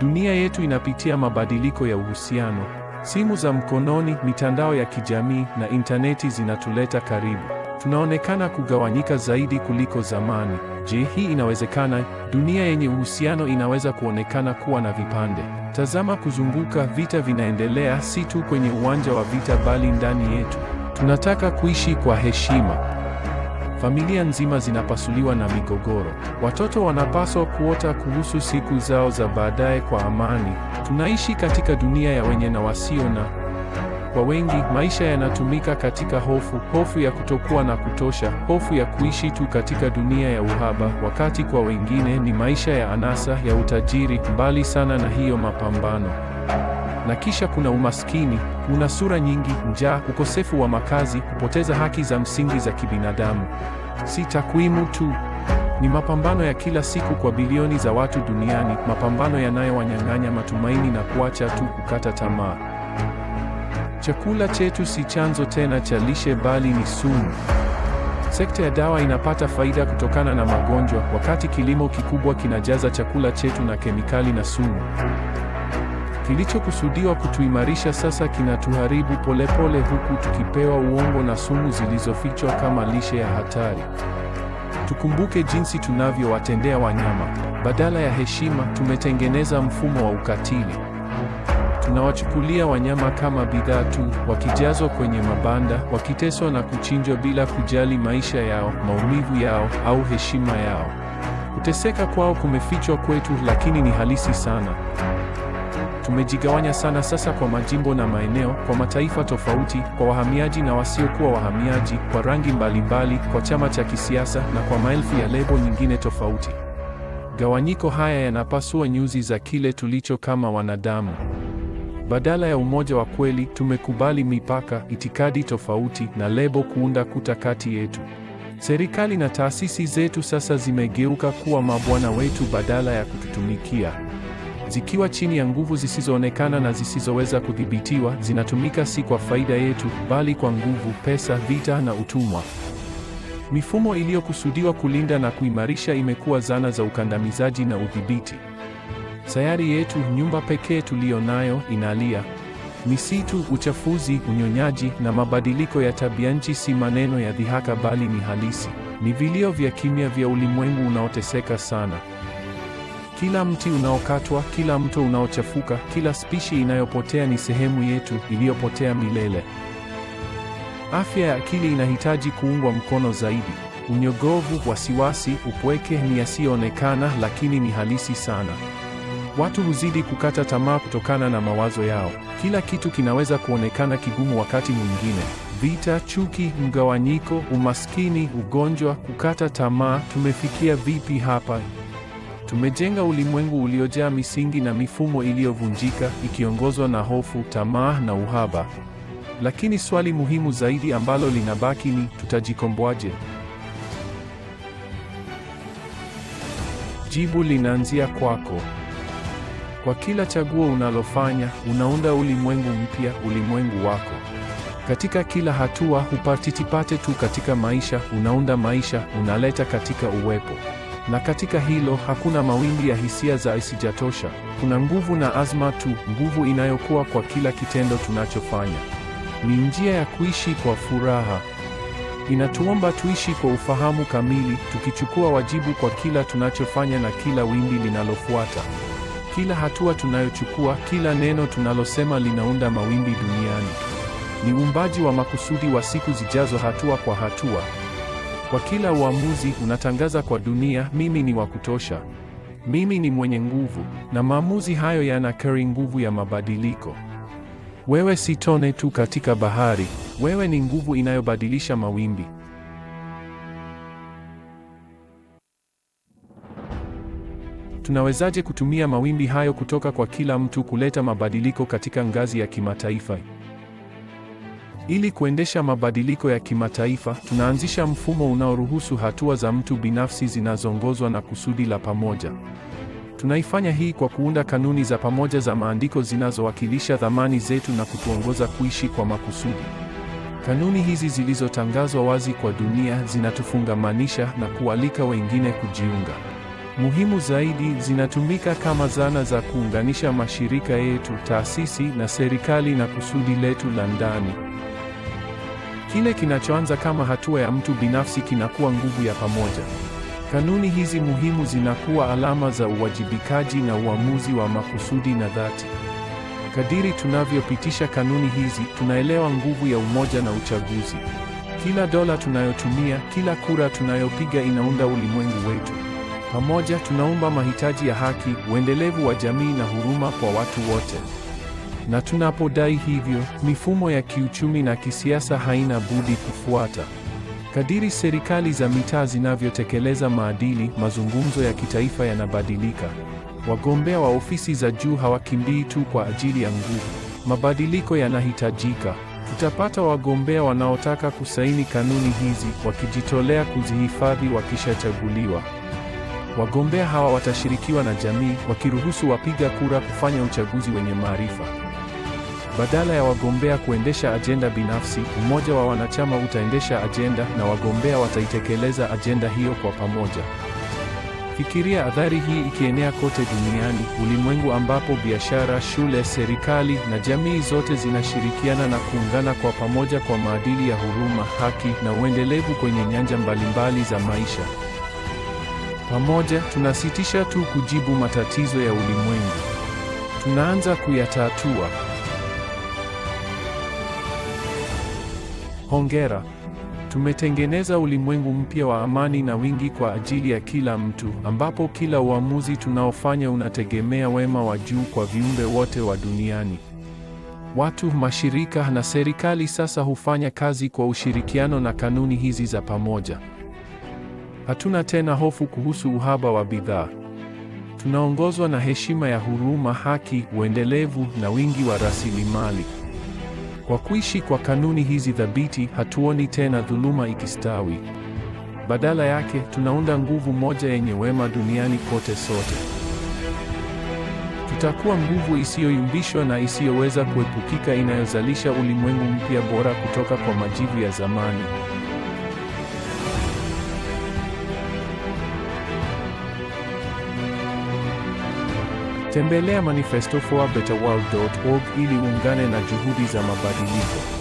Dunia yetu inapitia mabadiliko ya uhusiano. Simu za mkononi, mitandao ya kijamii na intaneti zinatuleta karibu. Tunaonekana kugawanyika zaidi kuliko zamani. Je, hii inawezekana? Dunia yenye uhusiano inaweza kuonekana kuwa na vipande. Tazama kuzunguka, vita vinaendelea si tu kwenye uwanja wa vita bali ndani yetu. Tunataka kuishi kwa heshima. Familia nzima zinapasuliwa na migogoro. Watoto wanapaswa kuota kuhusu siku zao za baadaye kwa amani. Tunaishi katika dunia ya wenye na wasio na kwa wengi maisha yanatumika katika hofu, hofu ya kutokuwa na kutosha, hofu ya kuishi tu katika dunia ya uhaba, wakati kwa wengine ni maisha ya anasa, ya utajiri, mbali sana na hiyo mapambano. Na kisha kuna umaskini, una sura nyingi: njaa, ukosefu wa makazi, kupoteza haki za msingi za kibinadamu si takwimu tu. Ni mapambano ya kila siku kwa bilioni za watu duniani, mapambano yanayowanyang'anya matumaini na kuacha tu kukata tamaa. Chakula chetu si chanzo tena cha lishe, bali ni sumu. Sekta ya dawa inapata faida kutokana na magonjwa, wakati kilimo kikubwa kinajaza chakula chetu na kemikali na sumu. Kilichokusudiwa kutuimarisha sasa kinatuharibu polepole, huku tukipewa uongo na sumu zilizofichwa kama lishe ya hatari. Tukumbuke jinsi tunavyowatendea wanyama. Badala ya heshima, tumetengeneza mfumo wa ukatili. Tunawachukulia wanyama kama bidhaa tu, wakijazwa kwenye mabanda, wakiteswa na kuchinjwa bila kujali maisha yao, maumivu yao au heshima yao. Kuteseka kwao kumefichwa kwetu, lakini ni halisi sana tumejigawanya sana sasa kwa majimbo na maeneo, kwa mataifa tofauti, kwa wahamiaji na wasiokuwa wahamiaji, kwa rangi mbalimbali, kwa chama cha kisiasa na kwa maelfu ya lebo nyingine tofauti. Gawanyiko haya yanapasua nyuzi za kile tulicho kama wanadamu. Badala ya umoja wa kweli, tumekubali mipaka, itikadi tofauti na lebo kuunda kuta kati yetu. Serikali na taasisi zetu sasa zimegeuka kuwa mabwana wetu badala ya kututumikia zikiwa chini ya nguvu zisizoonekana na zisizoweza kudhibitiwa, zinatumika si kwa faida yetu, bali kwa nguvu, pesa, vita na utumwa. Mifumo iliyokusudiwa kulinda na kuimarisha imekuwa zana za ukandamizaji na udhibiti. Sayari yetu, nyumba pekee tuliyo nayo, inalia. Misitu, uchafuzi, unyonyaji na mabadiliko ya tabianchi si maneno ya dhihaka, bali ni halisi. Ni vilio vya kimya vya ulimwengu unaoteseka sana. Kila mti unaokatwa, kila mto unaochafuka, kila spishi inayopotea ni sehemu yetu iliyopotea milele. Afya ya akili inahitaji kuungwa mkono zaidi. Unyogovu, wasiwasi, upweke ni yasiyoonekana lakini ni halisi sana. Watu huzidi kukata tamaa kutokana na mawazo yao. Kila kitu kinaweza kuonekana kigumu wakati mwingine: vita, chuki, mgawanyiko, umaskini, ugonjwa, kukata tamaa. Tumefikia vipi hapa? Tumejenga ulimwengu uliojaa misingi na mifumo iliyovunjika, ikiongozwa na hofu, tamaa na uhaba. Lakini swali muhimu zaidi ambalo linabaki ni tutajikomboaje? Jibu linaanzia kwako. Kwa kila chaguo unalofanya, unaunda ulimwengu mpya, ulimwengu wako. Katika kila hatua, hupatitipate tu katika maisha, unaunda maisha, unaleta katika uwepo. Na katika hilo hakuna mawimbi ya hisia za isijatosha. Kuna nguvu na azma tu, nguvu inayokuwa kwa kila kitendo tunachofanya. Ni njia ya kuishi kwa furaha. Inatuomba tuishi kwa ufahamu kamili, tukichukua wajibu kwa kila tunachofanya na kila wimbi linalofuata. Kila hatua tunayochukua, kila neno tunalosema linaunda mawimbi duniani. Ni uumbaji wa makusudi wa siku zijazo, hatua kwa hatua. Kwa kila uamuzi unatangaza kwa dunia, mimi ni wa kutosha, mimi ni mwenye nguvu, na maamuzi hayo yana kari nguvu ya mabadiliko. Wewe si tone tu katika bahari, wewe ni nguvu inayobadilisha mawimbi. Tunawezaje kutumia mawimbi hayo kutoka kwa kila mtu kuleta mabadiliko katika ngazi ya kimataifa? Ili kuendesha mabadiliko ya kimataifa, tunaanzisha mfumo unaoruhusu hatua za mtu binafsi zinazoongozwa na kusudi la pamoja. Tunaifanya hii kwa kuunda kanuni za pamoja za maandiko zinazowakilisha dhamani zetu na kutuongoza kuishi kwa makusudi. Kanuni hizi zilizotangazwa wazi kwa dunia zinatufungamanisha na kualika wengine kujiunga. Muhimu zaidi, zinatumika kama zana za kuunganisha mashirika yetu, taasisi na serikali na kusudi letu la ndani. Kile kinachoanza kama hatua ya mtu binafsi kinakuwa nguvu ya pamoja. Kanuni hizi muhimu zinakuwa alama za uwajibikaji na uamuzi wa makusudi na dhati. Kadiri tunavyopitisha kanuni hizi, tunaelewa nguvu ya umoja na uchaguzi. Kila dola tunayotumia, kila kura tunayopiga inaunda ulimwengu wetu. Pamoja tunaumba mahitaji ya haki, uendelevu wa jamii na huruma kwa watu wote na tunapodai hivyo, mifumo ya kiuchumi na kisiasa haina budi kufuata. Kadiri serikali za mitaa zinavyotekeleza maadili, mazungumzo ya kitaifa yanabadilika. Wagombea wa ofisi za juu hawakimbii tu kwa ajili ya nguvu. Mabadiliko yanahitajika. Tutapata wagombea wanaotaka kusaini kanuni hizi, wakijitolea kuzihifadhi wakishachaguliwa. Wagombea hawa watashirikiwa na jamii, wakiruhusu wapiga kura kufanya uchaguzi wenye maarifa. Badala ya wagombea kuendesha ajenda binafsi, umoja wa wanachama utaendesha ajenda na wagombea wataitekeleza ajenda hiyo kwa pamoja. Fikiria athari hii ikienea kote duniani, ulimwengu ambapo biashara, shule, serikali na jamii zote zinashirikiana na kuungana kwa pamoja kwa maadili ya huruma, haki na uendelevu kwenye nyanja mbalimbali za maisha. Pamoja tunasitisha tu kujibu matatizo ya ulimwengu, tunaanza kuyatatua. Hongera. Tumetengeneza ulimwengu mpya wa amani na wingi kwa ajili ya kila mtu, ambapo kila uamuzi tunaofanya unategemea wema wa juu kwa viumbe wote wa duniani. Watu, mashirika na serikali sasa hufanya kazi kwa ushirikiano na kanuni hizi za pamoja. Hatuna tena hofu kuhusu uhaba wa bidhaa. Tunaongozwa na heshima ya huruma, haki, uendelevu na wingi wa rasilimali. Kwa kuishi kwa kanuni hizi thabiti, hatuoni tena dhuluma ikistawi. Badala yake, tunaunda nguvu moja yenye wema duniani kote sote. Tutakuwa nguvu isiyoyumbishwa na isiyoweza kuepukika inayozalisha ulimwengu mpya bora kutoka kwa majivu ya zamani. Tembelea manifesto4betterworld.org ili uungane na juhudi za mabadiliko.